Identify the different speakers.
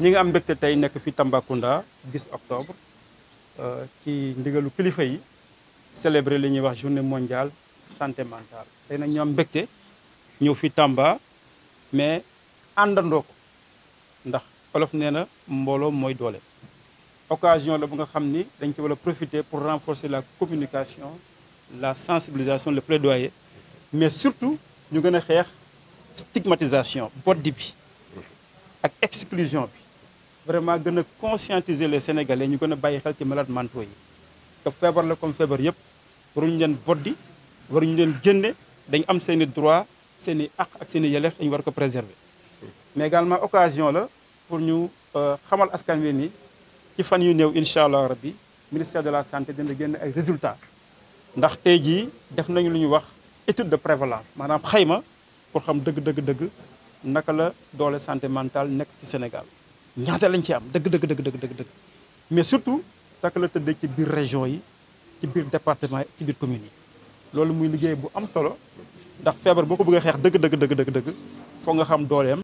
Speaker 1: Nous avons am en tey nekk fi Tambacounda 10 octobre qui a été yi célébrer li célébrer wax journée mondiale santé mentale Nous nag ñu am Tamba mais nous avons ndax en nee na mbooloo mooy doole occasion la de nga profiter pour renforcer la communication la sensibilisation le plaidoyer mais surtout nous gën faire stigmatisation boddi bi ak exclusion bi vraiment gëna conscientiser les sénégalais ñu gëna bayyi xel ci malades mentaux yi te feebar la comme feebar yëpp waruñu leen boddi waruñu leen génne dañ am seen droit seen ak ak seen i yelleef war ko préserver mais également occasion la pour ñu euh, xamal askan wi ni ci fan yu néew incha allah rabbi ministère de la santé dina génn ay résultats ndax tey jii def nañu lu ñu wax étude de prévalence maanaam xayma pour xam dëgg dëgg dëgg naka la doole santé mentale nekk ci Sénégal ñaata lañ ci am deug deug deug deug deug deug mais surtout tak la tëddee ci biir région yi ci biir département ci biir commune yi loolu muy liggéey bu am solo ndax feebar boko bëgg xex deug deug deug deug deug dëgg nga xam dooleem